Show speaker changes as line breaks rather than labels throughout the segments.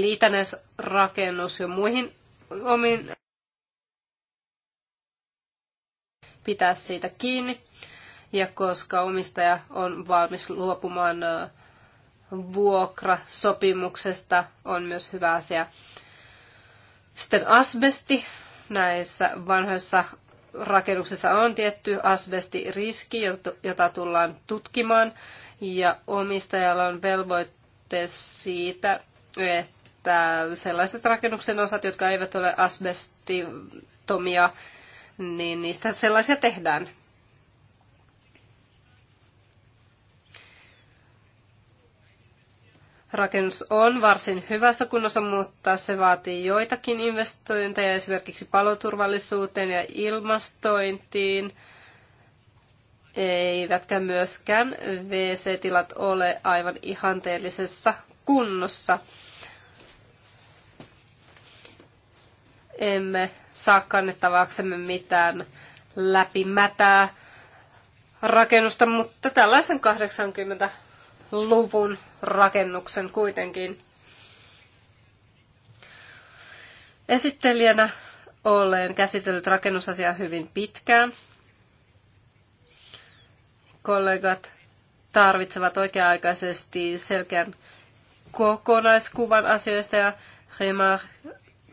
liitännäisrakennus ja muihin omiin pitää siitä kiinni. Ja koska omistaja on valmis luopumaan vuokrasopimuksesta, on myös hyvä asia. Sitten asbesti. Näissä vanhoissa rakennuksissa on tietty asbestiriski, jota tullaan tutkimaan. Ja omistajalla on velvoitteet siitä, että että sellaiset rakennuksen osat, jotka eivät ole asbestitomia, niin niistä sellaisia tehdään. Rakennus on varsin hyvässä kunnossa, mutta se vaatii joitakin investointeja esimerkiksi paloturvallisuuteen ja ilmastointiin. Eivätkä myöskään WC-tilat ole aivan ihanteellisessa kunnossa. emme saa kannettavaksemme mitään läpimätää rakennusta, mutta tällaisen 80-luvun rakennuksen kuitenkin. Esittelijänä olen käsitellyt rakennusasiaa hyvin pitkään. Kollegat tarvitsevat oikea-aikaisesti selkeän kokonaiskuvan asioista ja Remar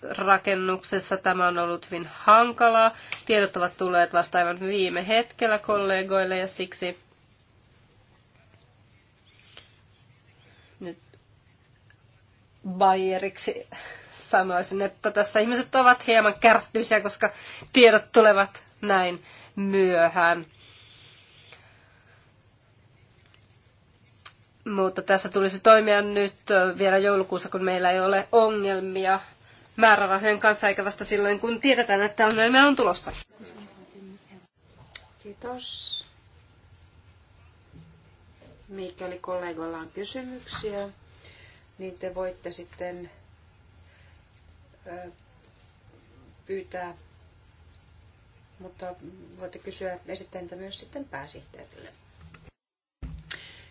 rakennuksessa tämä on ollut hyvin hankalaa. Tiedot ovat tulleet vasta aivan viime hetkellä kollegoille ja siksi nyt Bayeriksi sanoisin, että tässä ihmiset ovat hieman kärttyisiä, koska tiedot tulevat näin myöhään. Mutta tässä tulisi toimia nyt vielä joulukuussa, kun meillä ei ole ongelmia määrärahojen kanssa, eikä vasta silloin, kun tiedetään, että ongelmia on tulossa.
Kiitos. Mikäli kollegoilla on kysymyksiä, niin te voitte sitten pyytää, mutta voitte kysyä, esittää myös sitten pääsihteerille.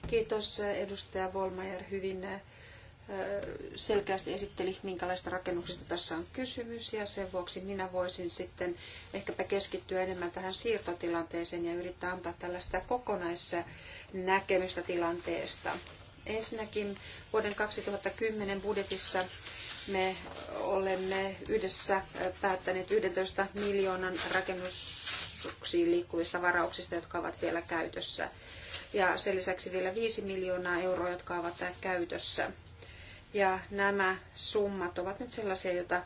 Kiitos edustaja Volmajer hyvin selkeästi esitteli, minkälaista rakennuksista tässä on kysymys, ja sen vuoksi minä voisin sitten ehkäpä keskittyä enemmän tähän siirtotilanteeseen ja yrittää antaa tällaista kokonaisnäkemystä tilanteesta. Ensinnäkin vuoden 2010 budjetissa me olemme yhdessä päättäneet 11 miljoonan rakennuksiin liikkuvista varauksista, jotka ovat vielä käytössä. Ja sen lisäksi vielä 5 miljoonaa euroa, jotka ovat käytössä ja nämä summat ovat nyt sellaisia, joita,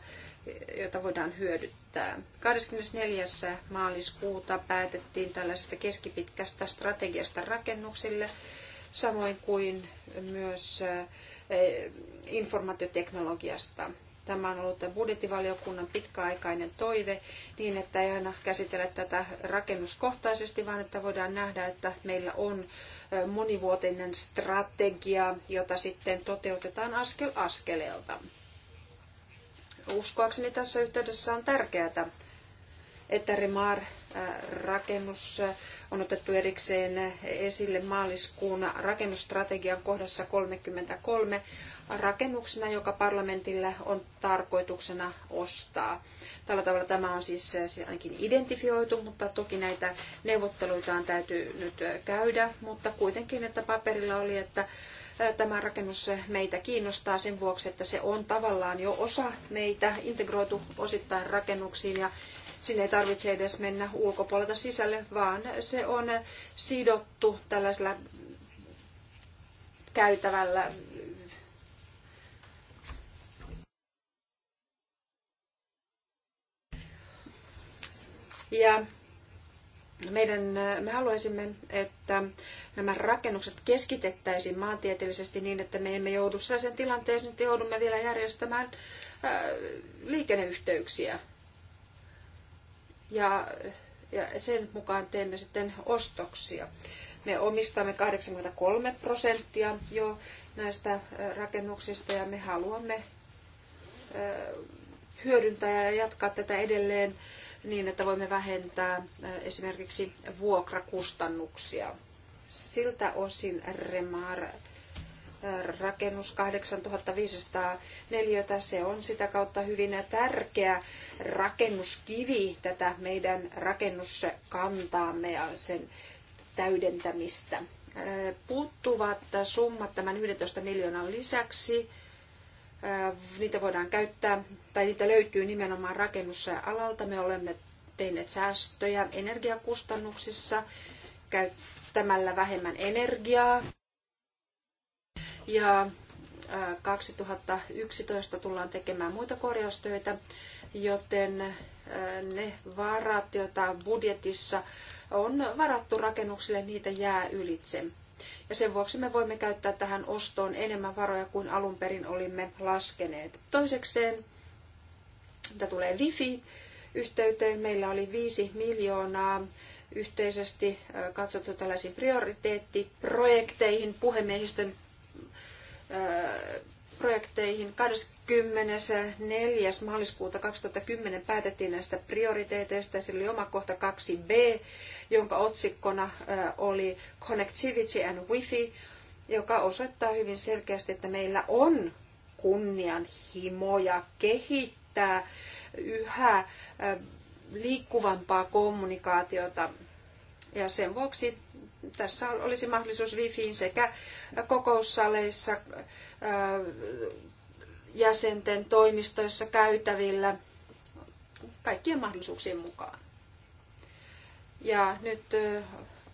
joita voidaan hyödyttää. 24. maaliskuuta päätettiin tällaisesta keskipitkästä strategiasta rakennuksille, samoin kuin myös eh, informaatioteknologiasta. Tämä on ollut budjettivaliokunnan pitkäaikainen toive niin, että ei aina käsitellä tätä rakennuskohtaisesti, vaan että voidaan nähdä, että meillä on monivuotinen strategia, jota sitten toteutetaan askel askeleelta. Uskoakseni tässä yhteydessä on tärkeää, että Remar rakennus äh, on otettu erikseen esille maaliskuun rakennusstrategian kohdassa 33 rakennuksena, joka parlamentilla on tarkoituksena ostaa. Tällä tavalla tämä on siis äh, ainakin identifioitu, mutta toki näitä on täytyy nyt äh, käydä, mutta kuitenkin, että paperilla oli, että tämä rakennus meitä kiinnostaa sen vuoksi, että se on tavallaan jo osa meitä, integroitu osittain rakennuksiin ja Sinne ei tarvitse edes mennä ulkopuolelta sisälle, vaan se on sidottu tällaisella käytävällä Ja meidän, me haluaisimme, että nämä rakennukset keskitettäisiin maantieteellisesti niin, että me emme joudu sellaiseen tilanteeseen, että joudumme vielä järjestämään äh, liikenneyhteyksiä ja, ja sen mukaan teemme sitten ostoksia. Me omistamme 83 prosenttia jo näistä rakennuksista ja me haluamme hyödyntää ja jatkaa tätä edelleen niin, että voimme vähentää esimerkiksi vuokrakustannuksia. Siltä osin Remar rakennus 8500 neliötä. Se on sitä kautta hyvin tärkeä rakennuskivi tätä meidän rakennuskantaamme ja sen täydentämistä. Äh, puuttuvat summat tämän 11 miljoonan lisäksi. Äh, niitä voidaan käyttää, tai niitä löytyy nimenomaan rakennusalalta. Me olemme tehneet säästöjä energiakustannuksissa käyttämällä vähemmän energiaa ja 2011 tullaan tekemään muita korjaustöitä, joten ne varat, joita budjetissa on varattu rakennuksille, niitä jää ylitse. Ja sen vuoksi me voimme käyttää tähän ostoon enemmän varoja kuin alun perin olimme laskeneet. Toisekseen, mitä tulee wifi-yhteyteen, meillä oli 5 miljoonaa yhteisesti katsottu tällaisiin prioriteettiprojekteihin puhemiehistön projekteihin. 24. maaliskuuta 2010 päätettiin näistä prioriteeteista. Sillä oli oma kohta 2b, jonka otsikkona oli Connectivity and Wi-Fi, joka osoittaa hyvin selkeästi, että meillä on kunnianhimoja kehittää yhä liikkuvampaa kommunikaatiota ja sen vuoksi tässä olisi mahdollisuus wifiin sekä kokoussaleissa, äh, jäsenten toimistoissa, käytävillä, kaikkien mahdollisuuksien mukaan. Ja nyt äh,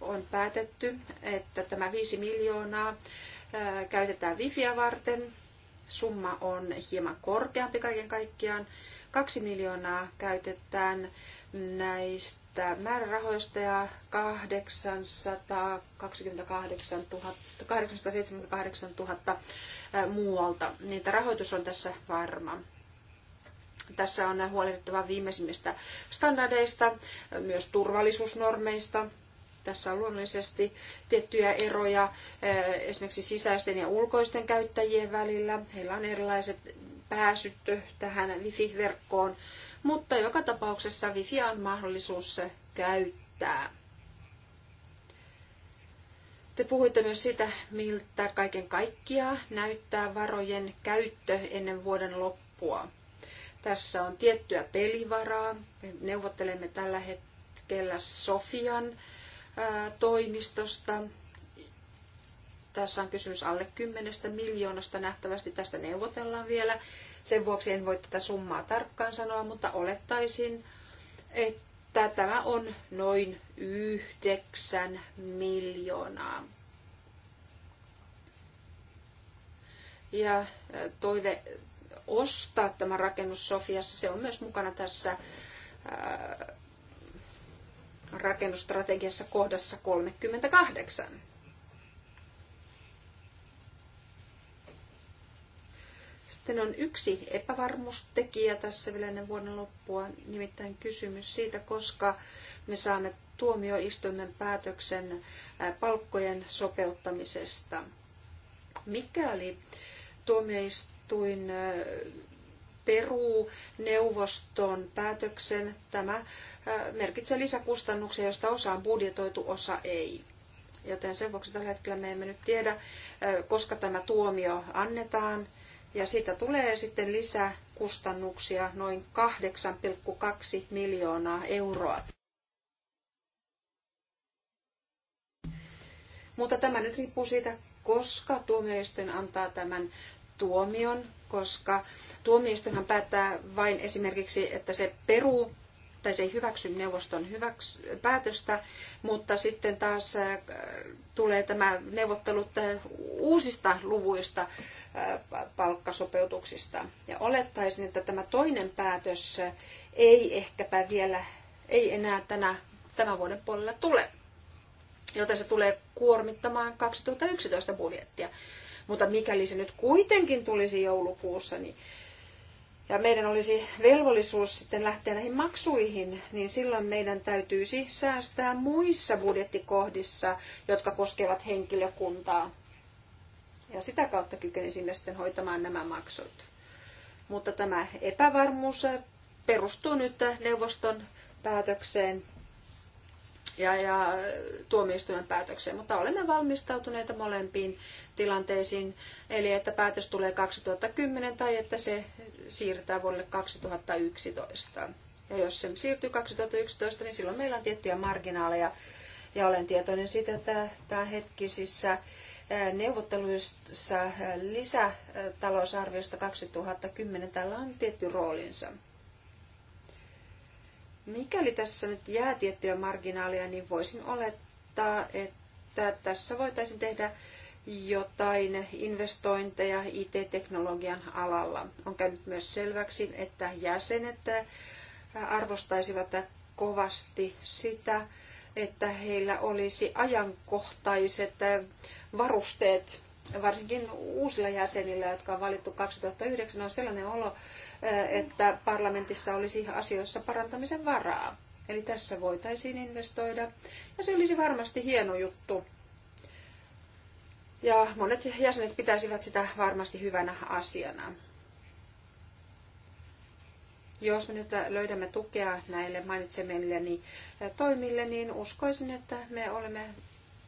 on päätetty, että tämä 5 miljoonaa äh, käytetään wifiä varten. Summa on hieman korkeampi kaiken kaikkiaan. 2 miljoonaa käytetään näistä määrärahoista ja 828 000, 878 000 muualta. Niin rahoitus on tässä varma. Tässä on huolehdittava viimeisimmistä standardeista, myös turvallisuusnormeista. Tässä on luonnollisesti tiettyjä eroja esimerkiksi sisäisten ja ulkoisten käyttäjien välillä. Heillä on erilaiset pääsyt tähän wifi-verkkoon mutta joka tapauksessa wifi on mahdollisuus käyttää. Te puhuitte myös siitä, miltä kaiken kaikkiaan näyttää varojen käyttö ennen vuoden loppua. Tässä on tiettyä pelivaraa. Me neuvottelemme tällä hetkellä Sofian toimistosta tässä on kysymys alle 10 miljoonasta nähtävästi. Tästä neuvotellaan vielä. Sen vuoksi en voi tätä summaa tarkkaan sanoa, mutta olettaisin, että tämä on noin 9 miljoonaa. Ja toive ostaa tämä rakennus Sofiassa, se on myös mukana tässä rakennusstrategiassa kohdassa 38. Sitten on yksi epävarmuustekijä tässä vielä ennen vuoden loppua, nimittäin kysymys siitä, koska me saamme tuomioistuimen päätöksen palkkojen sopeuttamisesta. Mikäli tuomioistuin peruu neuvoston päätöksen, tämä merkitsee lisäkustannuksia, joista osa on budjetoitu, osa ei. Joten sen vuoksi tällä hetkellä me emme nyt tiedä, koska tämä tuomio annetaan – ja siitä tulee sitten lisää kustannuksia noin 8,2 miljoonaa euroa. Mutta tämä nyt riippuu siitä, koska tuomioistuin antaa tämän tuomion, koska tuomioistuinhan päättää vain esimerkiksi, että se peruu tai se ei hyväksy neuvoston hyväks, päätöstä, mutta sitten taas äh, tulee tämä neuvottelut äh, uusista luvuista äh, palkkasopeutuksista. Ja olettaisin, että tämä toinen päätös ei ehkäpä vielä, ei enää tänä, tämän vuoden puolella tule, joten se tulee kuormittamaan 2011 budjettia. Mutta mikäli se nyt kuitenkin tulisi joulukuussa, niin ja meidän olisi velvollisuus sitten lähteä näihin maksuihin, niin silloin meidän täytyisi säästää muissa budjettikohdissa, jotka koskevat henkilökuntaa. Ja sitä kautta kykenisimme sitten hoitamaan nämä maksut. Mutta tämä epävarmuus perustuu nyt neuvoston päätökseen ja, ja tuomioistuimen päätökseen, mutta olemme valmistautuneita molempiin tilanteisiin, eli että päätös tulee 2010 tai että se siirretään vuodelle 2011. Ja jos se siirtyy 2011, niin silloin meillä on tiettyjä marginaaleja, ja olen tietoinen siitä, että tämä hetkisissä neuvotteluissa lisätalousarviosta 2010 tällä on tietty roolinsa. Mikäli tässä nyt jää tiettyjä marginaaleja, niin voisin olettaa, että tässä voitaisiin tehdä jotain investointeja IT-teknologian alalla. On käynyt myös selväksi, että jäsenet arvostaisivat kovasti sitä, että heillä olisi ajankohtaiset varusteet, varsinkin uusilla jäsenillä, jotka on valittu 2009, on sellainen olo, että parlamentissa olisi asioissa parantamisen varaa. Eli tässä voitaisiin investoida ja se olisi varmasti hieno juttu. Ja monet jäsenet pitäisivät sitä varmasti hyvänä asiana. Jos me nyt löydämme tukea näille mainitsemilleni toimille, niin uskoisin, että me olemme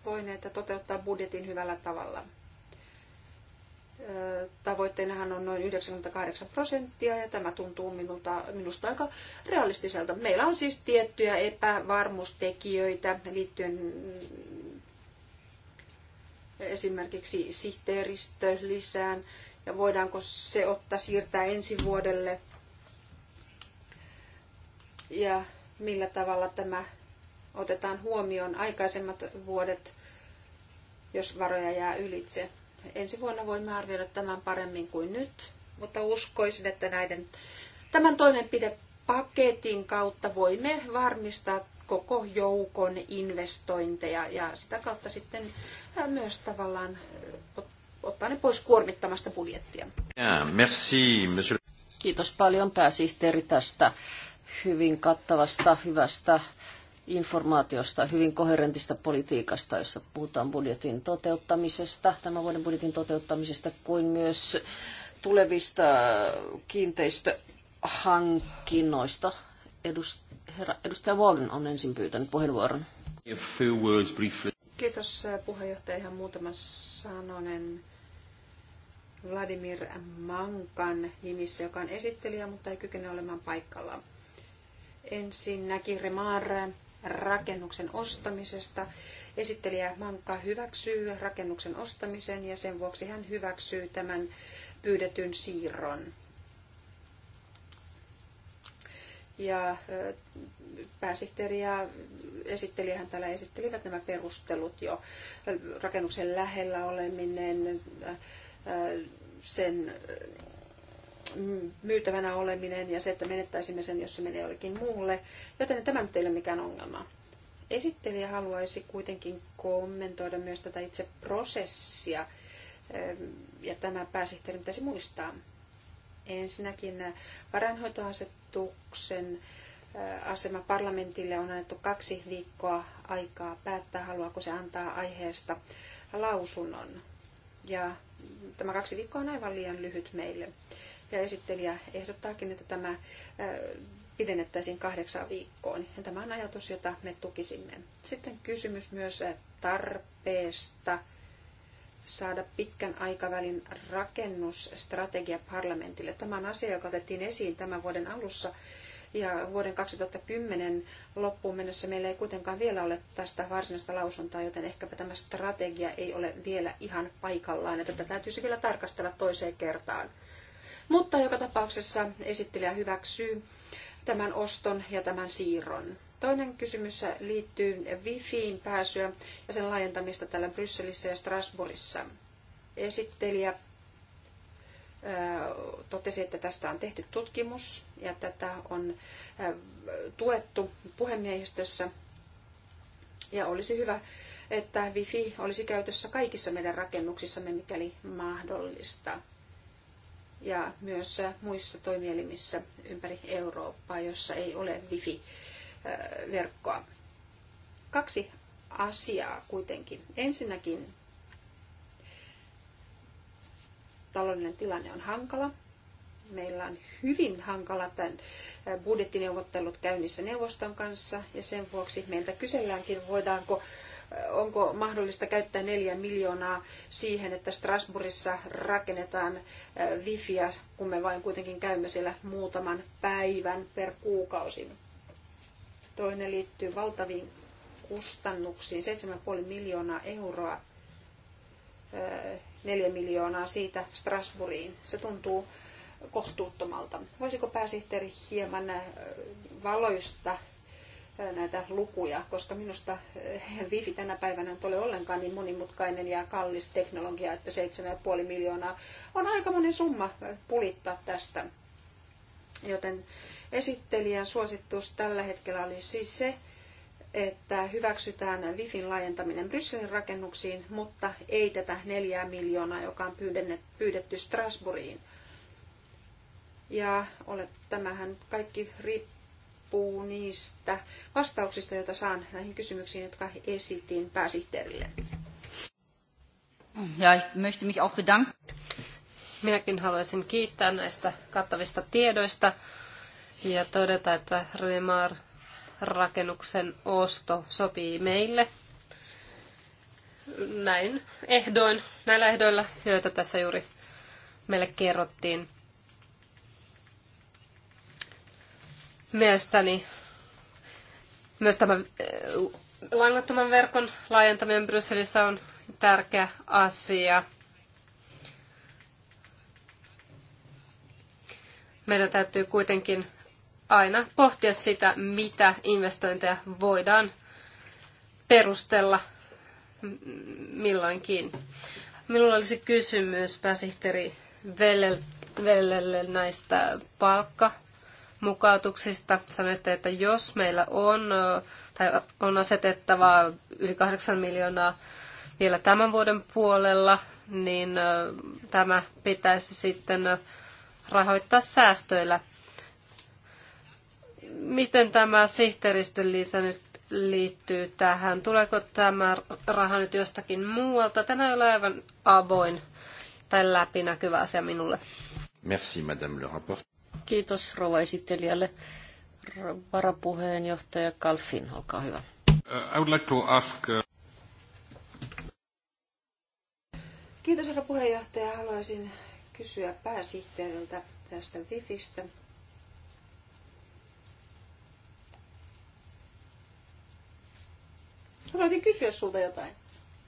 voineet toteuttaa budjetin hyvällä tavalla tavoitteenahan on noin 98 prosenttia ja tämä tuntuu minulta, minusta aika realistiselta. Meillä on siis tiettyjä epävarmuustekijöitä liittyen esimerkiksi sihteeristö lisään ja voidaanko se ottaa siirtää ensi vuodelle ja millä tavalla tämä otetaan huomioon aikaisemmat vuodet, jos varoja jää ylitse ensi vuonna voimme arvioida tämän paremmin kuin nyt, mutta uskoisin, että näiden, tämän toimenpidepaketin kautta voimme varmistaa koko joukon investointeja ja sitä kautta sitten äh, myös tavallaan äh, ottaa ne pois kuormittamasta budjettia.
Kiitos paljon pääsihteeri tästä hyvin kattavasta, hyvästä informaatiosta, hyvin koherentista politiikasta, jossa puhutaan budjetin toteuttamisesta, tämän vuoden budjetin toteuttamisesta, kuin myös tulevista kiinteistöhankinnoista. Edust, herra, edustaja Vaughan on ensin pyytänyt puheenvuoron.
A few words Kiitos puheenjohtaja. Ihan muutama sanonen Vladimir Mankan nimissä, joka on esittelijä, mutta ei kykene olemaan paikalla. Ensinnäkin Remar rakennuksen ostamisesta. Esittelijä Manka hyväksyy rakennuksen ostamisen ja sen vuoksi hän hyväksyy tämän pyydetyn siirron. Ja pääsihteeri ja esittelijähän täällä esittelivät nämä perustelut jo. Rakennuksen lähellä oleminen, sen myytävänä oleminen ja se, että menettäisimme sen, jos se menee jollekin muulle. Joten tämä nyt ei ole mikään ongelma. Esittelijä haluaisi kuitenkin kommentoida myös tätä itse prosessia, ähm, ja tämä pääsihteeri pitäisi muistaa. Ensinnäkin äh, varainhoitoasetuksen äh, asema parlamentille on annettu kaksi viikkoa aikaa päättää, haluaako se antaa aiheesta lausunnon. Ja tämä kaksi viikkoa on aivan liian lyhyt meille. Ja esittelijä ehdottaakin, että tämä äh, pidennettäisiin kahdeksaan viikkoon. Ja tämä on ajatus, jota me tukisimme. Sitten kysymys myös äh, tarpeesta saada pitkän aikavälin rakennusstrategia parlamentille. Tämä on asia, joka otettiin esiin tämän vuoden alussa ja vuoden 2010 loppuun mennessä meillä ei kuitenkaan vielä ole tästä varsinaista lausuntaa, joten ehkäpä tämä strategia ei ole vielä ihan paikallaan. Että tätä täytyisi kyllä tarkastella toiseen kertaan. Mutta joka tapauksessa esittelijä hyväksyy tämän oston ja tämän siirron. Toinen kysymys liittyy Wifiin pääsyä ja sen laajentamista täällä Brysselissä ja Strasbourgissa. Esittelijä äh, totesi, että tästä on tehty tutkimus ja tätä on äh, tuettu puhemiehistössä. Ja olisi hyvä, että wifi olisi käytössä kaikissa meidän rakennuksissamme, mikäli mahdollista ja myös muissa toimielimissä ympäri Eurooppaa, jossa ei ole wifi-verkkoa. Äh, Kaksi asiaa kuitenkin. Ensinnäkin taloudellinen tilanne on hankala. Meillä on hyvin hankala tämän äh, budjettineuvottelut käynnissä neuvoston kanssa ja sen vuoksi meiltä kyselläänkin, voidaanko onko mahdollista käyttää neljä miljoonaa siihen, että Strasbourgissa rakennetaan äh, wifiä, kun me vain kuitenkin käymme siellä muutaman päivän per kuukausi. Toinen liittyy valtaviin kustannuksiin, 7,5 miljoonaa euroa, 4 äh, miljoonaa siitä Strasbourgiin. Se tuntuu kohtuuttomalta. Voisiko pääsihteeri hieman äh, valoista näitä lukuja, koska minusta wifi tänä päivänä on ole ollenkaan niin monimutkainen ja kallis teknologia, että 7,5 miljoonaa on aika monen summa pulittaa tästä. Joten esittelijän suositus tällä hetkellä oli siis se, että hyväksytään Wifin laajentaminen Brysselin rakennuksiin, mutta ei tätä neljää miljoonaa, joka on pyydetty Strasbourgiin. Ja ole, tämähän kaikki riippuu riippuu niistä vastauksista, joita saan näihin kysymyksiin, jotka esitin pääsihteerille.
Ja ich möchte mich auch bedanken. Minäkin haluaisin kiittää näistä kattavista tiedoista ja todeta, että Ruemar rakennuksen osto sopii meille näin ehdoin, näillä ehdoilla, joita tässä juuri meille kerrottiin. Mielestäni myös tämä eh, langattoman verkon laajentaminen Brysselissä on tärkeä asia. Meidän täytyy kuitenkin aina pohtia sitä, mitä investointeja voidaan perustella milloinkin. Minulla olisi kysymys pääsihteeri Vellelle näistä palkka mukautuksista. Sanoitte, että jos meillä on tai on asetettava yli 8 miljoonaa vielä tämän vuoden puolella, niin tämä pitäisi sitten rahoittaa säästöillä. Miten tämä sihteeristön lisä nyt liittyy tähän? Tuleeko tämä raha nyt jostakin muualta? Tämä ei ole aivan avoin tai läpinäkyvä asia minulle.
Merci, madame le
Kiitos rouva
esittelijälle. Varapuheenjohtaja Kalfin, olkaa hyvä.
Uh, I would like to ask... Uh, Kiitos herra puheenjohtaja. Haluaisin kysyä pääsihteeriltä tästä Wifistä. Haluaisin kysyä sulta jotain.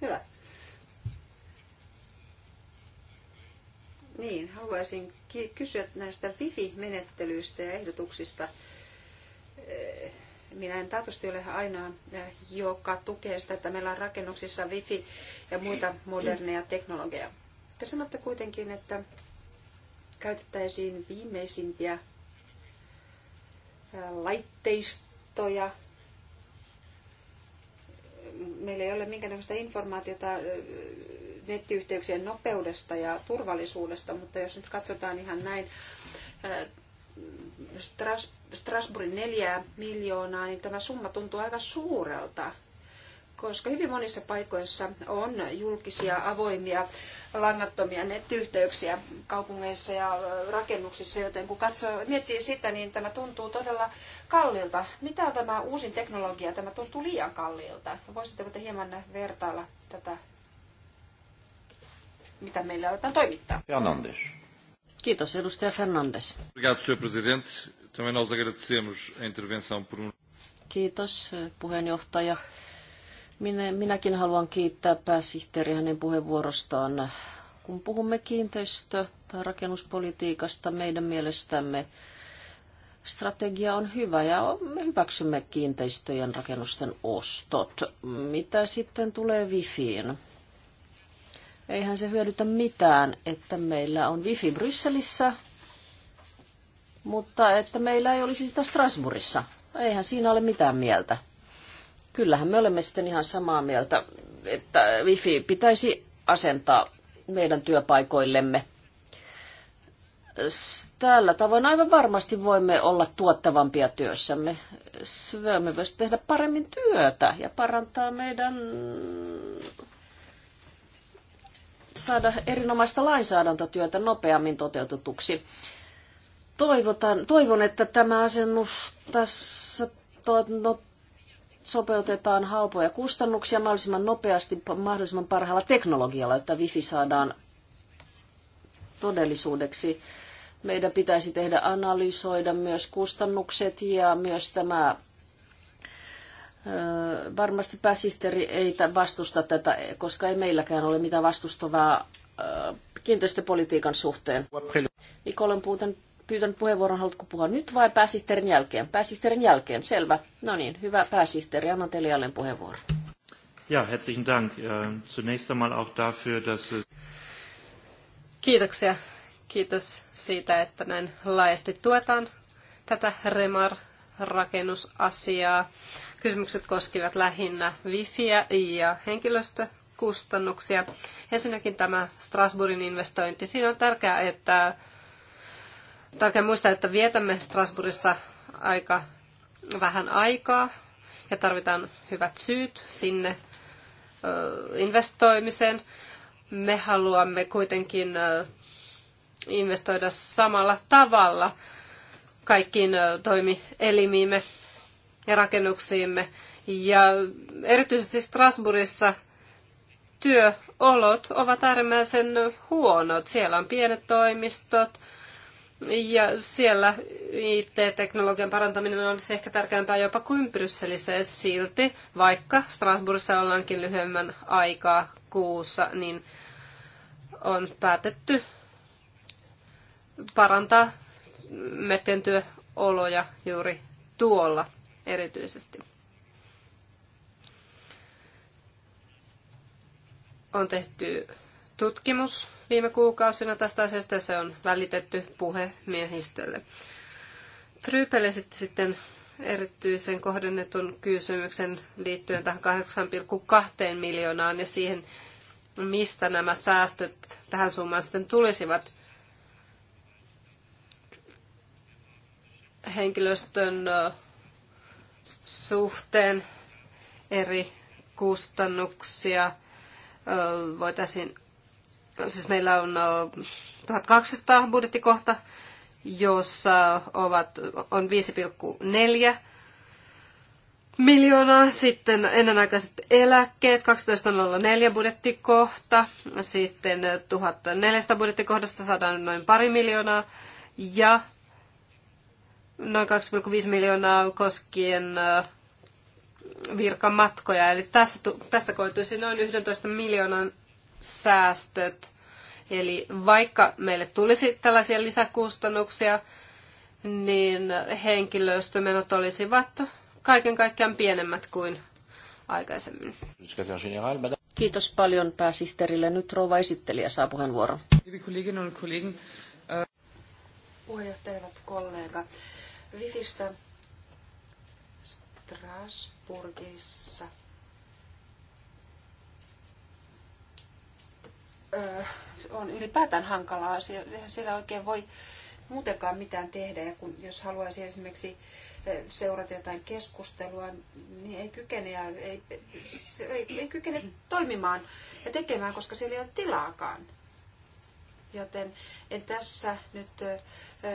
Hyvä. Niin, haluaisin kysyä näistä Wifi-menettelyistä ja ehdotuksista. Eh, minä en taatusti ole ainoa, eh, joka tukee sitä, että meillä on rakennuksissa Wifi ja muita moderneja teknologiaa. Te sanotte kuitenkin, että käytettäisiin viimeisimpiä eh, laitteistoja. Meillä ei ole minkäännäköistä informaatiota nettiyhteyksien nopeudesta ja turvallisuudesta, mutta jos nyt katsotaan ihan näin Stras, Strasbourgin neljää miljoonaa, niin tämä summa tuntuu aika suurelta, koska hyvin monissa paikoissa on julkisia, avoimia, langattomia nettiyhteyksiä kaupungeissa ja rakennuksissa, joten kun katsoo, miettii sitä, niin tämä tuntuu todella kalliilta. Mitä on tämä uusin teknologia? Tämä tuntuu liian kalliilta. Voisitteko te hieman vertailla tätä mitä meillä aletaan toimittaa.
Fernandes. Kiitos, edustaja Fernandes. Um- Kiitos, puheenjohtaja. Minä, minäkin haluan kiittää pääsihteeri hänen puheenvuorostaan. Kun puhumme kiinteistö- tai rakennuspolitiikasta, meidän mielestämme strategia on hyvä ja me hyväksymme kiinteistöjen rakennusten ostot. Mitä sitten tulee wifiin? Eihän se hyödytä mitään, että meillä on wifi Brysselissä, mutta että meillä ei olisi sitä Strasbourgissa. Eihän siinä ole mitään mieltä. Kyllähän me olemme sitten ihan samaa mieltä, että wifi pitäisi asentaa meidän työpaikoillemme. Tällä tavoin aivan varmasti voimme olla tuottavampia työssämme. Voimme myös tehdä paremmin työtä ja parantaa meidän saada erinomaista lainsäädäntötyötä nopeammin toteutetuksi. Toivotan, toivon, että tämä asennus tässä to, no, sopeutetaan halpoja kustannuksia mahdollisimman nopeasti, mahdollisimman parhaalla teknologialla, että wifi saadaan todellisuudeksi. Meidän pitäisi tehdä analysoida myös kustannukset ja myös tämä Varmasti pääsihteeri ei vastusta tätä, koska ei meilläkään ole mitään vastustavaa kiinteistöpolitiikan suhteen. Nikola puuten puhutan, pyytänyt puheenvuoron, haluatko puhua nyt vai pääsihteerin jälkeen? Pääsihteerin jälkeen, selvä. No niin, hyvä pääsihteeri, annan teille jälleen puheenvuoron.
Ja, herzlichen Dank. Zunächst einmal auch dafür, dass...
Kiitoksia. Kiitos siitä, että näin laajasti tuetaan tätä Remar-rakennusasiaa Kysymykset koskivat lähinnä wifiä ja henkilöstökustannuksia. Ensinnäkin tämä Strasbourgin investointi. Siinä on tärkeää, että tärkeä muistaa, että vietämme Strasbourgissa aika vähän aikaa ja tarvitaan hyvät syyt sinne investoimiseen. Me haluamme kuitenkin investoida samalla tavalla kaikkiin toimielimiimme ja rakennuksiimme. Ja erityisesti Strasbourgissa työolot ovat äärimmäisen huonot. Siellä on pienet toimistot ja siellä IT-teknologian parantaminen olisi ehkä tärkeämpää jopa kuin Brysselissä silti, vaikka Strasbourgissa ollaankin lyhyemmän aikaa kuussa, niin on päätetty parantaa meppien työoloja juuri tuolla erityisesti. On tehty tutkimus viime kuukausina tästä asiasta ja se on välitetty puhemiehistölle. Trypel esitti sitten erityisen kohdennetun kysymyksen liittyen tähän 8,2 miljoonaan ja siihen, mistä nämä säästöt tähän summaan sitten tulisivat. Henkilöstön suhteen eri kustannuksia. Voitaisiin, siis meillä on 1200 budjettikohta, jossa ovat, on 5,4 miljoonaa. Sitten ennenaikaiset eläkkeet, 12.04 budjettikohta. Sitten 1400 budjettikohdasta saadaan noin pari miljoonaa. Ja noin 2,5 miljoonaa koskien virkamatkoja. Eli tästä, tästä koituisi noin 11 miljoonan säästöt. Eli vaikka meille tulisi tällaisia lisäkustannuksia, niin henkilöstömenot olisivat kaiken kaikkiaan pienemmät kuin aikaisemmin.
Kiitos paljon pääsihteerille. Nyt rouva esittelijä saa puheenvuoron.
Äh,
Puheenjohtajat kollega. Wifistä Strasburgissa. Öö, on ylipäätään hankalaa. Eihän siellä oikein voi muutenkaan mitään tehdä. Ja kun, jos haluaisi esimerkiksi seurata jotain keskustelua, niin ei kykene, ja ei, ei, ei kykene toimimaan ja tekemään, koska siellä ei ole tilaakaan joten en tässä nyt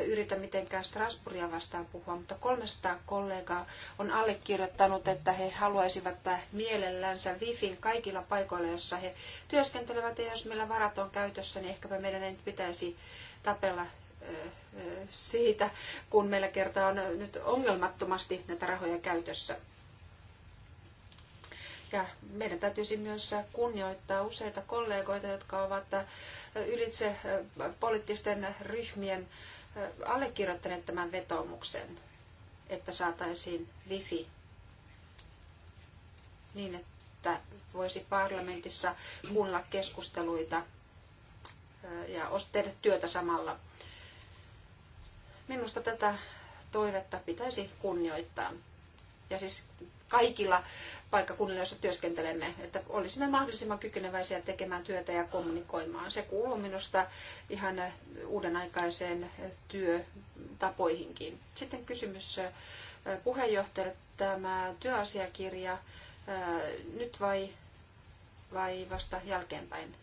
yritä mitenkään Strasburgia vastaan puhua, mutta 300 kollegaa on allekirjoittanut, että he haluaisivat mielellänsä wifin kaikilla paikoilla, jossa he työskentelevät, ja jos meillä varat on käytössä, niin ehkäpä meidän ei pitäisi tapella siitä, kun meillä kerta on nyt ongelmattomasti näitä rahoja käytössä ehkä meidän täytyisi myös kunnioittaa useita kollegoita, jotka ovat ylitse poliittisten ryhmien allekirjoittaneet tämän vetoomuksen, että saataisiin wifi niin, että voisi parlamentissa kuunnella keskusteluita ja tehdä työtä samalla. Minusta tätä toivetta pitäisi kunnioittaa. Ja siis kaikilla paikkakunnilla, joissa työskentelemme, että olisimme mahdollisimman kykeneväisiä tekemään työtä ja kommunikoimaan. Se kuuluu minusta ihan uuden aikaiseen työtapoihinkin. Sitten kysymys puheenjohtajalle tämä työasiakirja nyt vai, vai vasta jälkeenpäin?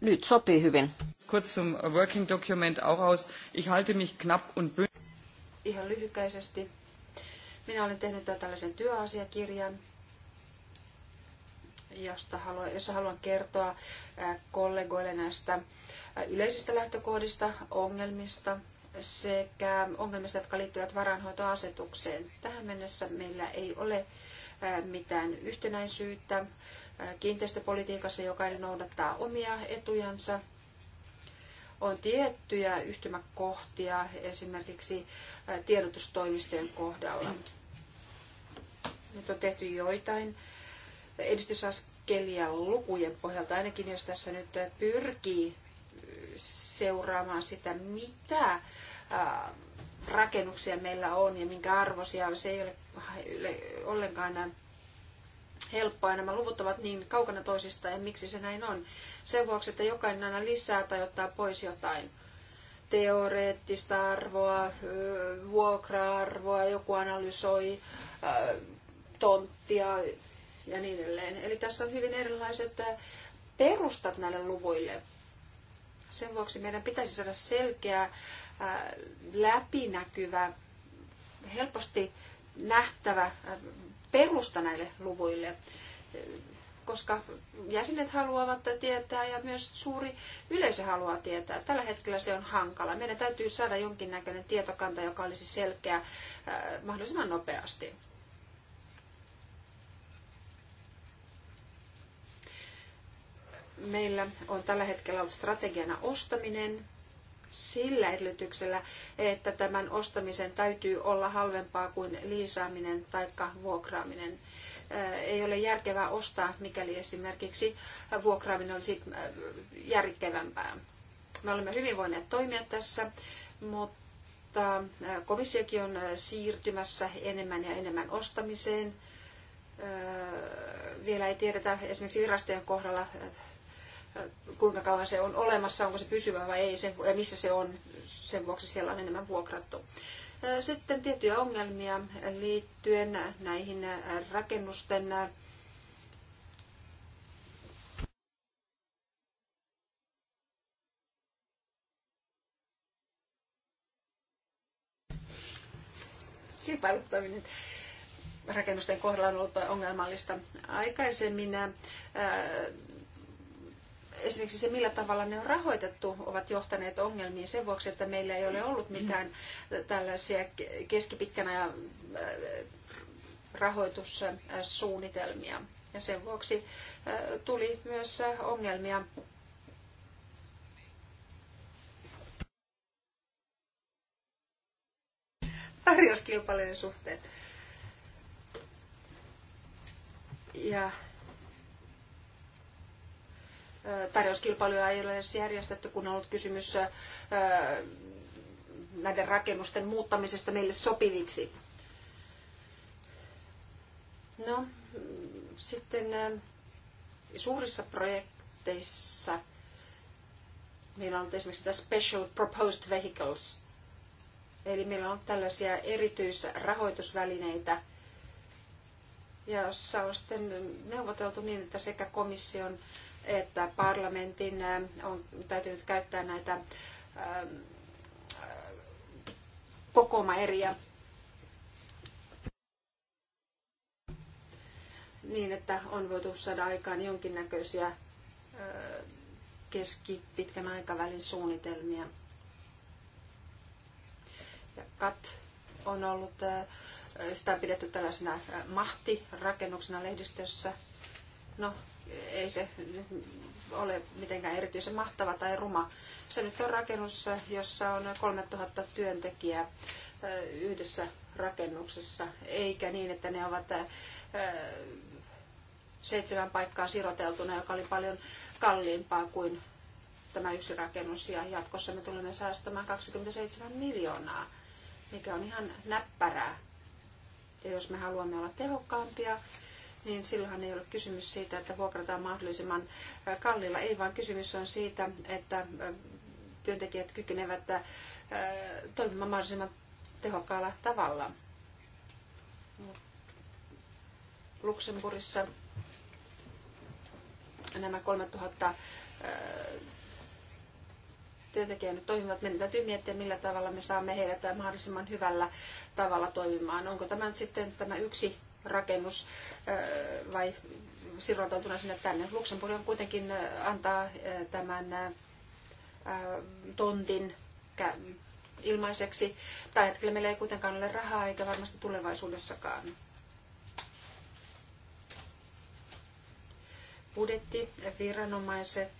Nyt sopii hyvin. Kurz zum Working Document auch aus. Ich halte mich knapp und bündig.
Ihan lyhykäisesti minä olen tehnyt tällaisen työasiakirjan, josta haluan, jossa haluan kertoa kollegoille näistä yleisistä lähtökohdista, ongelmista sekä ongelmista, jotka liittyvät varainhoitoasetukseen. Tähän mennessä meillä ei ole mitään yhtenäisyyttä kiinteistöpolitiikassa, jokainen noudattaa omia etujansa on tiettyjä yhtymäkohtia esimerkiksi tiedotustoimistojen kohdalla. Nyt on tehty joitain edistysaskelia lukujen pohjalta, ainakin jos tässä nyt pyrkii seuraamaan sitä, mitä rakennuksia meillä on ja minkä arvoisia on. Se ei ole ollenkaan helppoa. Nämä luvut ovat niin kaukana toisistaan ja miksi se näin on. Sen vuoksi, että jokainen aina lisää tai ottaa pois jotain teoreettista arvoa, vuokra-arvoa, joku analysoi tonttia ja niin edelleen. Eli tässä on hyvin erilaiset perustat näille luvuille. Sen vuoksi meidän pitäisi saada selkeä, läpinäkyvä, helposti nähtävä perusta näille luvuille, koska jäsenet haluavat tietää ja myös suuri yleisö haluaa tietää. Tällä hetkellä se on hankala. Meidän täytyy saada jonkinnäköinen tietokanta, joka olisi selkeä äh, mahdollisimman nopeasti. meillä on tällä hetkellä ollut strategiana ostaminen sillä edellytyksellä, että tämän ostamisen täytyy olla halvempaa kuin liisaaminen tai vuokraaminen. Äh, ei ole järkevää ostaa, mikäli esimerkiksi vuokraaminen olisi äh, järkevämpää. Me olemme hyvin voineet toimia tässä, mutta äh, komissiokin on siirtymässä enemmän ja enemmän ostamiseen. Vielä ei tiedetä esimerkiksi virastojen kohdalla kuinka kauan se on olemassa, onko se pysyvä vai ei, sen, ja missä se on, sen vuoksi siellä on enemmän vuokrattu. Sitten tiettyjä ongelmia liittyen näihin rakennusten kilpailuttaminen rakennusten kohdalla on ollut ongelmallista. Aikaisemmin esimerkiksi se, millä tavalla ne on rahoitettu, ovat johtaneet ongelmiin sen vuoksi, että meillä ei ole ollut mitään tällaisia keskipitkänä äh, rahoitussuunnitelmia. Ja sen vuoksi äh, tuli myös äh, ongelmia tarjouskilpailujen suhteen. Ja tarjouskilpailuja ei ole edes järjestetty, kun on ollut kysymys näiden rakennusten muuttamisesta meille sopiviksi. No, sitten suurissa projekteissa meillä on esimerkiksi tämä Special Proposed Vehicles. Eli meillä on tällaisia erityisrahoitusvälineitä, jossa on sitten neuvoteltu niin, että sekä komission että parlamentin on täytynyt käyttää näitä kokoomaeriä niin, että on voitu saada aikaan jonkinnäköisiä keskipitkän aikavälin suunnitelmia. Ja KAT on ollut, sitä on pidetty tällaisena mahtirakennuksena lehdistössä. No, ei se ole mitenkään erityisen mahtava tai ruma. Se nyt on rakennus, jossa on 3000 työntekijää yhdessä rakennuksessa, eikä niin, että ne ovat seitsemän paikkaa siroteltuna, joka oli paljon kalliimpaa kuin tämä yksi rakennus. Ja jatkossa me tulemme säästämään 27 miljoonaa, mikä on ihan näppärää. Ja jos me haluamme olla tehokkaampia, niin silloinhan ei ole kysymys siitä, että vuokrataan mahdollisimman kalliilla. Ei, vaan kysymys on siitä, että työntekijät kykenevät toimimaan mahdollisimman tehokkaalla tavalla. Luxemburgissa nämä 3000 työntekijät nyt toimivat, meidän täytyy miettiä, millä tavalla me saamme heidät mahdollisimman hyvällä tavalla toimimaan. Onko tämä sitten tämä yksi rakennus äh, vai sirotoituna sinne tänne. Luxemburg on kuitenkin äh, antaa äh, tämän tontin ilmaiseksi. Tällä hetkellä meillä ei kuitenkaan ole rahaa eikä varmasti tulevaisuudessakaan. viranomaiset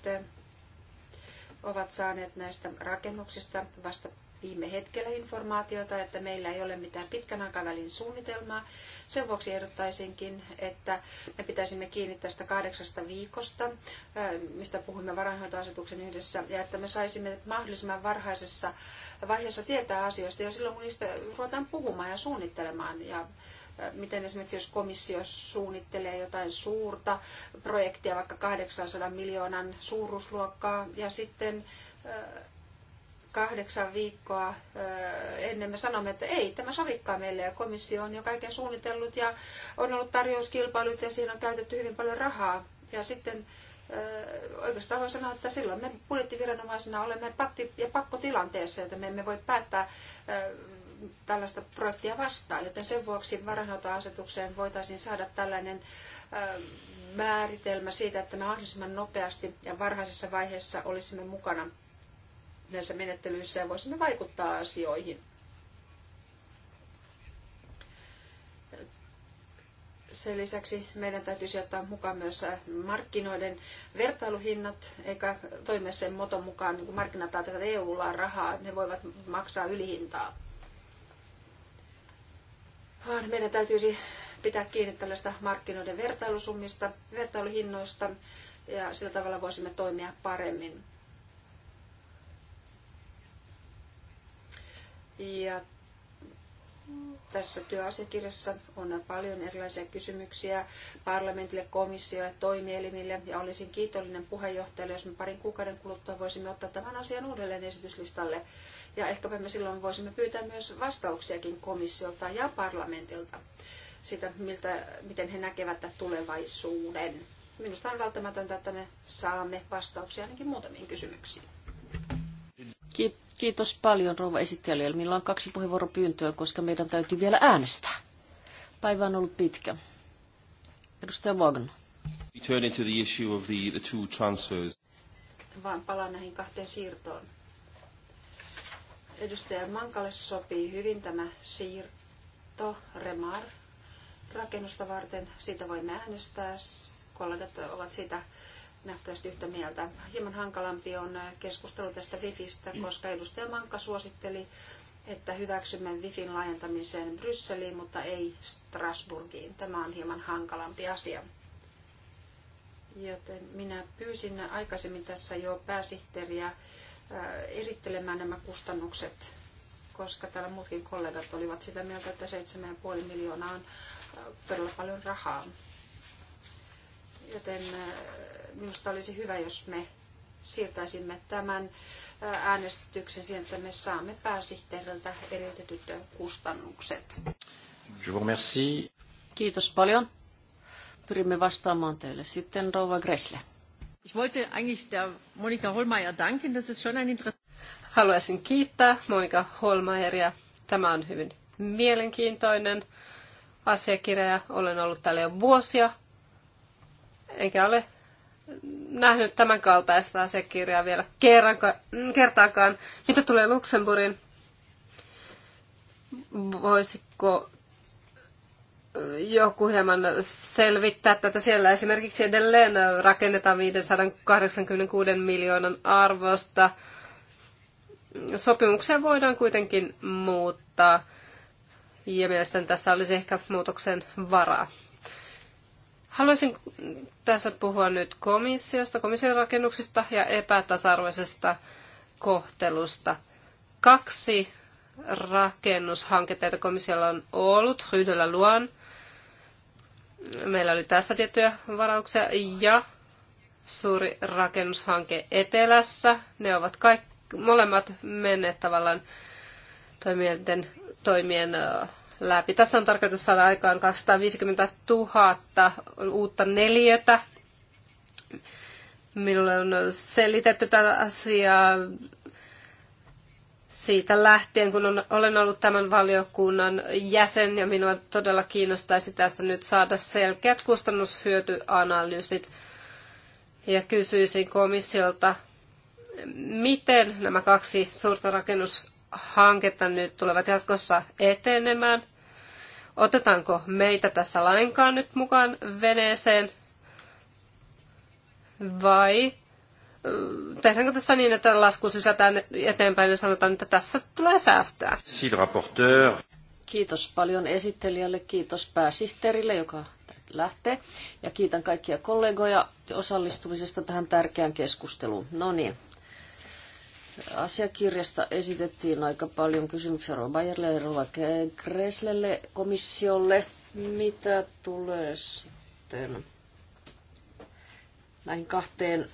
ovat saaneet näistä rakennuksista vasta viime hetkellä informaatiota, että meillä ei ole mitään pitkän aikavälin suunnitelmaa. Sen vuoksi ehdottaisinkin, että me pitäisimme kiinni tästä kahdeksasta viikosta, mistä puhuimme varainhoitoasetuksen yhdessä, ja että me saisimme mahdollisimman varhaisessa vaiheessa tietää asioista jo silloin, kun niistä ruvetaan puhumaan ja suunnittelemaan. Ja miten esimerkiksi jos komissio suunnittelee jotain suurta projektia, vaikka 800 miljoonan suuruusluokkaa, ja sitten kahdeksan viikkoa ennen me sanomme, että ei, tämä sovikkaa meille ja komissio on jo kaiken suunnitellut ja on ollut tarjouskilpailut ja siinä on käytetty hyvin paljon rahaa. Ja sitten oikeastaan voi sanoa, että silloin me budjettiviranomaisena olemme patti- ja pakkotilanteessa, että me emme voi päättää tällaista projektia vastaan, joten sen vuoksi varainhoitoasetukseen voitaisiin saada tällainen määritelmä siitä, että me mahdollisimman nopeasti ja varhaisessa vaiheessa olisimme mukana näissä menettelyissä ja voisimme vaikuttaa asioihin. Sen lisäksi meidän täytyisi ottaa mukaan myös markkinoiden vertailuhinnat, eikä toimia sen moton mukaan, niin kun markkinat ajatevat EUlla rahaa, ne voivat maksaa ylihintaa. Ah, meidän täytyisi pitää kiinni tällaista markkinoiden vertailusummista, vertailuhinnoista, ja sillä tavalla voisimme toimia paremmin. Ja tässä työasiakirjassa on paljon erilaisia kysymyksiä parlamentille, komissioille, toimielimille ja olisin kiitollinen puheenjohtajalle, jos me parin kuukauden kuluttua voisimme ottaa tämän asian uudelleen esityslistalle. Ja ehkäpä me silloin voisimme pyytää myös vastauksiakin komissiolta ja parlamentilta siitä, miltä, miten he näkevät tulevaisuuden. Minusta on välttämätöntä, että me saamme vastauksia ainakin muutamiin kysymyksiin.
Kiitos paljon rouva esittelijälle. Meillä on kaksi puheenvuoropyyntöä, koska meidän täytyy vielä äänestää. Päivä on ollut pitkä. Edustaja Wagner. Turn into the issue of the, the two transfers.
Vaan palaan näihin kahteen siirtoon. Edustaja Mankalle sopii hyvin tämä siirto Remar rakennusta varten. Siitä voimme äänestää. Kollegat ovat siitä nähtävästi yhtä mieltä. Hieman hankalampi on keskustelu tästä Wifistä, koska edustaja Mankka suositteli, että hyväksymme Wifin laajentamisen Brysseliin, mutta ei Strasburgiin. Tämä on hieman hankalampi asia. Joten minä pyysin aikaisemmin tässä jo pääsihteeriä äh, erittelemään nämä kustannukset, koska täällä muutkin kollegat olivat sitä mieltä, että 7,5 miljoonaa on äh, todella paljon rahaa. Joten äh, minusta olisi hyvä, jos me siirtäisimme tämän äänestyksen siihen, että me saamme pääsihteeriltä eriytetyt kustannukset.
Je vous remercie. Kiitos paljon.
Pyrimme vastaamaan teille sitten Rouva Gressle. Ich wollte eigentlich der Monika Holmeier danken. Das ist schon ein Haluaisin kiittää Monika Holmeieria. Tämä on hyvin mielenkiintoinen asiakirja. Olen ollut täällä jo vuosia, enkä ole nähnyt tämän kaltaista asiakirjaa vielä kerran, kertaakaan. Mitä tulee Luxemburgin, voisiko joku hieman selvittää tätä siellä. Esimerkiksi edelleen rakennetaan 586 miljoonan arvosta. Sopimuksia voidaan kuitenkin muuttaa ja mielestäni tässä olisi ehkä muutoksen varaa. Haluaisin tässä puhua nyt komissiosta, komission rakennuksista ja epätasa-arvoisesta kohtelusta. Kaksi rakennushanketta, joita komissiolla on ollut, Rydellä Luon. Meillä oli tässä tiettyjä varauksia ja suuri rakennushanke Etelässä. Ne ovat kaikki, molemmat menneet tavallaan toimijoiden, toimien, toimien läpi. Tässä on tarkoitus saada aikaan 250 000 uutta neliötä. Minulle on selitetty tätä asiaa siitä lähtien, kun on, olen ollut tämän valiokunnan jäsen ja minua todella kiinnostaisi tässä nyt saada selkeät kustannushyötyanalyysit. Ja kysyisin komissiolta, miten nämä kaksi suurta rakennushanketta nyt tulevat jatkossa etenemään. Otetaanko meitä tässä lainkaan nyt mukaan veneeseen vai tehdäänkö tässä niin, että lasku sysätään eteenpäin ja sanotaan, että tässä tulee säästää? Kiitos paljon esittelijälle, kiitos pääsihteerille, joka lähtee.
Ja kiitän kaikkia kollegoja osallistumisesta tähän tärkeään keskusteluun. No niin, Asiakirjasta esitettiin aika paljon kysymyksiä Robajerle ja Rova Kreslelle komissiolle. Mitä tulee sitten näihin kahteen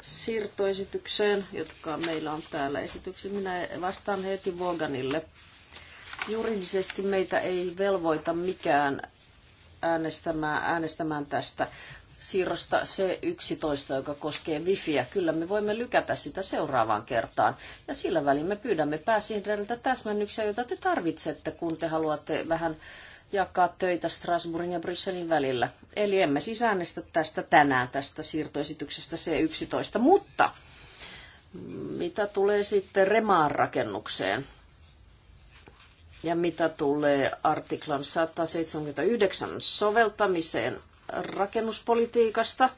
siirtoesitykseen, jotka meillä on täällä esityksen. Minä vastaan heti Voganille. Juridisesti meitä ei velvoita mikään äänestämään, äänestämään tästä siirrosta C11, joka koskee wifiä. Kyllä me voimme lykätä sitä seuraavaan kertaan. Ja sillä välin me pyydämme pääsihdeltä täsmennyksiä, joita te tarvitsette, kun te haluatte vähän jakaa töitä Strasbourgin ja Brysselin välillä. Eli emme siis äänestä tästä tänään, tästä siirtoesityksestä C11. Mutta mitä tulee sitten Remaan rakennukseen? Ja mitä tulee artiklan 179 soveltamiseen rakennuspolitiikasta.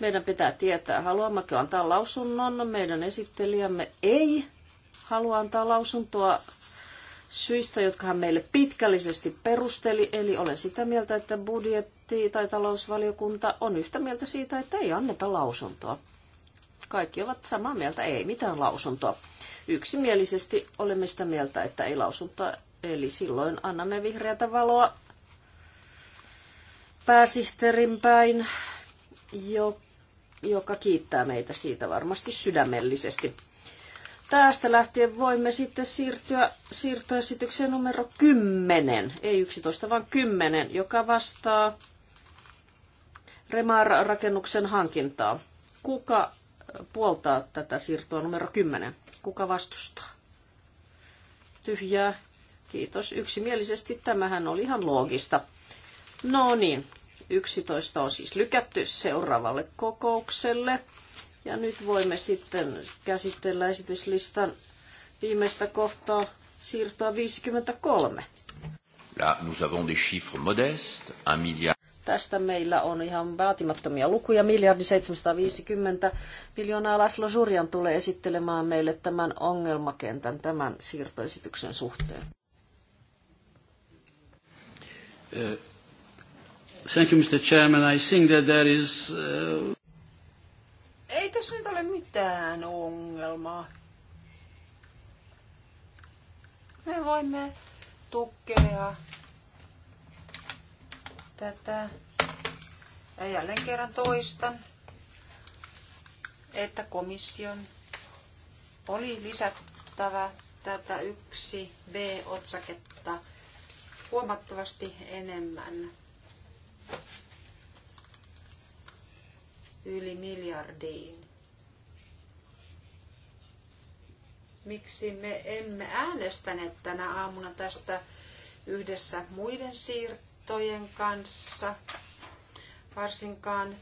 Meidän pitää tietää, haluammeko antaa lausunnon. Meidän esittelijämme ei halua antaa lausuntoa syistä, jotka hän meille pitkällisesti perusteli. Eli olen sitä mieltä, että budjetti- tai talousvaliokunta on yhtä mieltä siitä, että ei anneta lausuntoa. Kaikki ovat samaa mieltä, ei mitään lausuntoa. Yksimielisesti olemme sitä mieltä, että ei lausuntoa. Eli silloin annamme vihreätä valoa pääsihteerin päin, joka kiittää meitä siitä varmasti sydämellisesti. Tästä lähtien voimme sitten siirtyä siirtoesitykseen numero 10, ei 11 vaan 10, joka vastaa Remar-rakennuksen hankintaa. Kuka puoltaa tätä siirtoa numero 10? Kuka vastustaa? Tyhjää. Kiitos yksimielisesti. Tämähän oli ihan loogista. No niin, 11 on siis lykätty seuraavalle kokoukselle. Ja nyt voimme sitten käsitellä esityslistan viimeistä kohtaa siirtoa 53. Là, nous avons des chiffres modestes, un milliard. Tästä meillä on ihan vaatimattomia lukuja. Miljardi 750 miljoonaa Laslo Jurjan tulee esittelemään meille tämän ongelmakentän tämän siirtoesityksen suhteen.
Thank you,
Mr. Chairman. I think that there is... Uh...
Ei tässä nyt ole mitään ongelmaa. Me voimme tukea tätä. Ja jälleen kerran toistan, että komission oli lisättävä tätä yksi b otsaketta huomattavasti enemmän yli miljardiin. Miksi me emme äänestäneet tänä aamuna tästä yhdessä muiden siirtojen kanssa, varsinkaan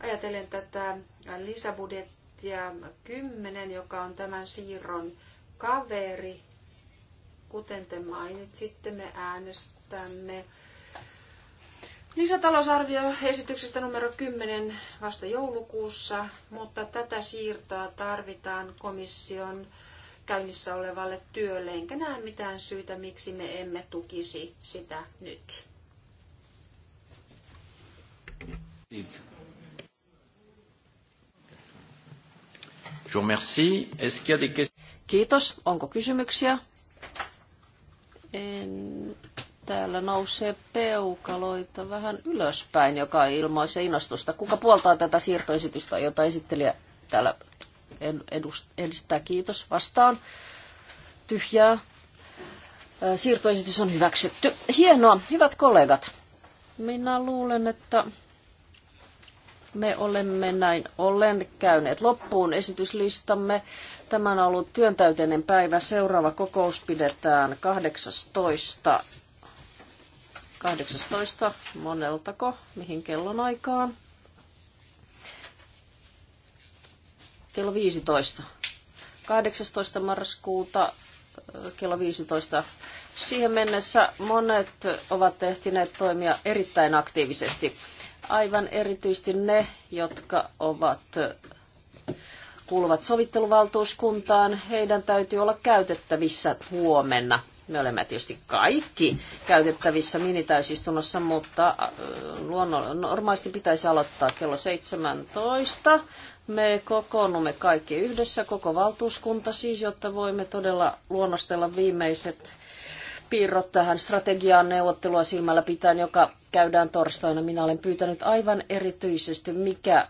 ajatellen tätä lisäbudjettia 10, joka on tämän siirron kaveri. Kuten te mainitsitte, me äänestämme lisätalousarvioesityksestä numero 10 vasta joulukuussa, mutta tätä siirtoa tarvitaan komission käynnissä olevalle työlle, enkä näe mitään syytä, miksi me emme tukisi sitä nyt.
Kiitos. Onko kysymyksiä? En Täällä nousee peukaloita vähän ylöspäin, joka ilmaise innostusta. Kuka puoltaa tätä siirtoesitystä, jota esittelijä täällä edistää? Kiitos. Vastaan. Tyhjää. Siirtoesitys on hyväksytty. Hienoa. Hyvät kollegat. Minä luulen, että me olemme näin ollen käyneet loppuun esityslistamme. Tämä on ollut työntäyteinen päivä. Seuraava kokous pidetään 18. 18. Moneltako? Mihin kellon aikaan? Kello 15. 18. marraskuuta kello 15. Siihen mennessä monet ovat ehtineet toimia erittäin aktiivisesti. Aivan erityisesti ne, jotka ovat kuuluvat sovitteluvaltuuskuntaan, heidän täytyy olla käytettävissä huomenna. Me olemme tietysti kaikki käytettävissä minitäysistunnossa, mutta äh, normaalisti pitäisi aloittaa kello 17. Me kokoonnumme kaikki yhdessä, koko valtuuskunta siis, jotta voimme todella luonnostella viimeiset piirrot tähän strategiaan neuvottelua silmällä pitäen, joka käydään torstaina. Minä olen pyytänyt aivan erityisesti, mikä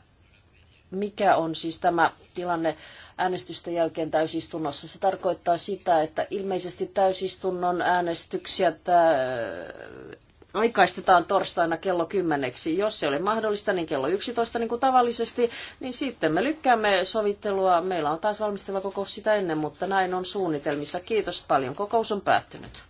mikä on siis tämä tilanne äänestysten jälkeen täysistunnossa. Se tarkoittaa sitä, että ilmeisesti täysistunnon äänestyksiä aikaistetaan torstaina kello kymmeneksi. Jos se ole mahdollista, niin kello 11 niin kuin tavallisesti, niin sitten me lykkäämme sovittelua. Meillä on taas valmistella kokous sitä ennen, mutta näin on suunnitelmissa. Kiitos paljon. Kokous on päättynyt.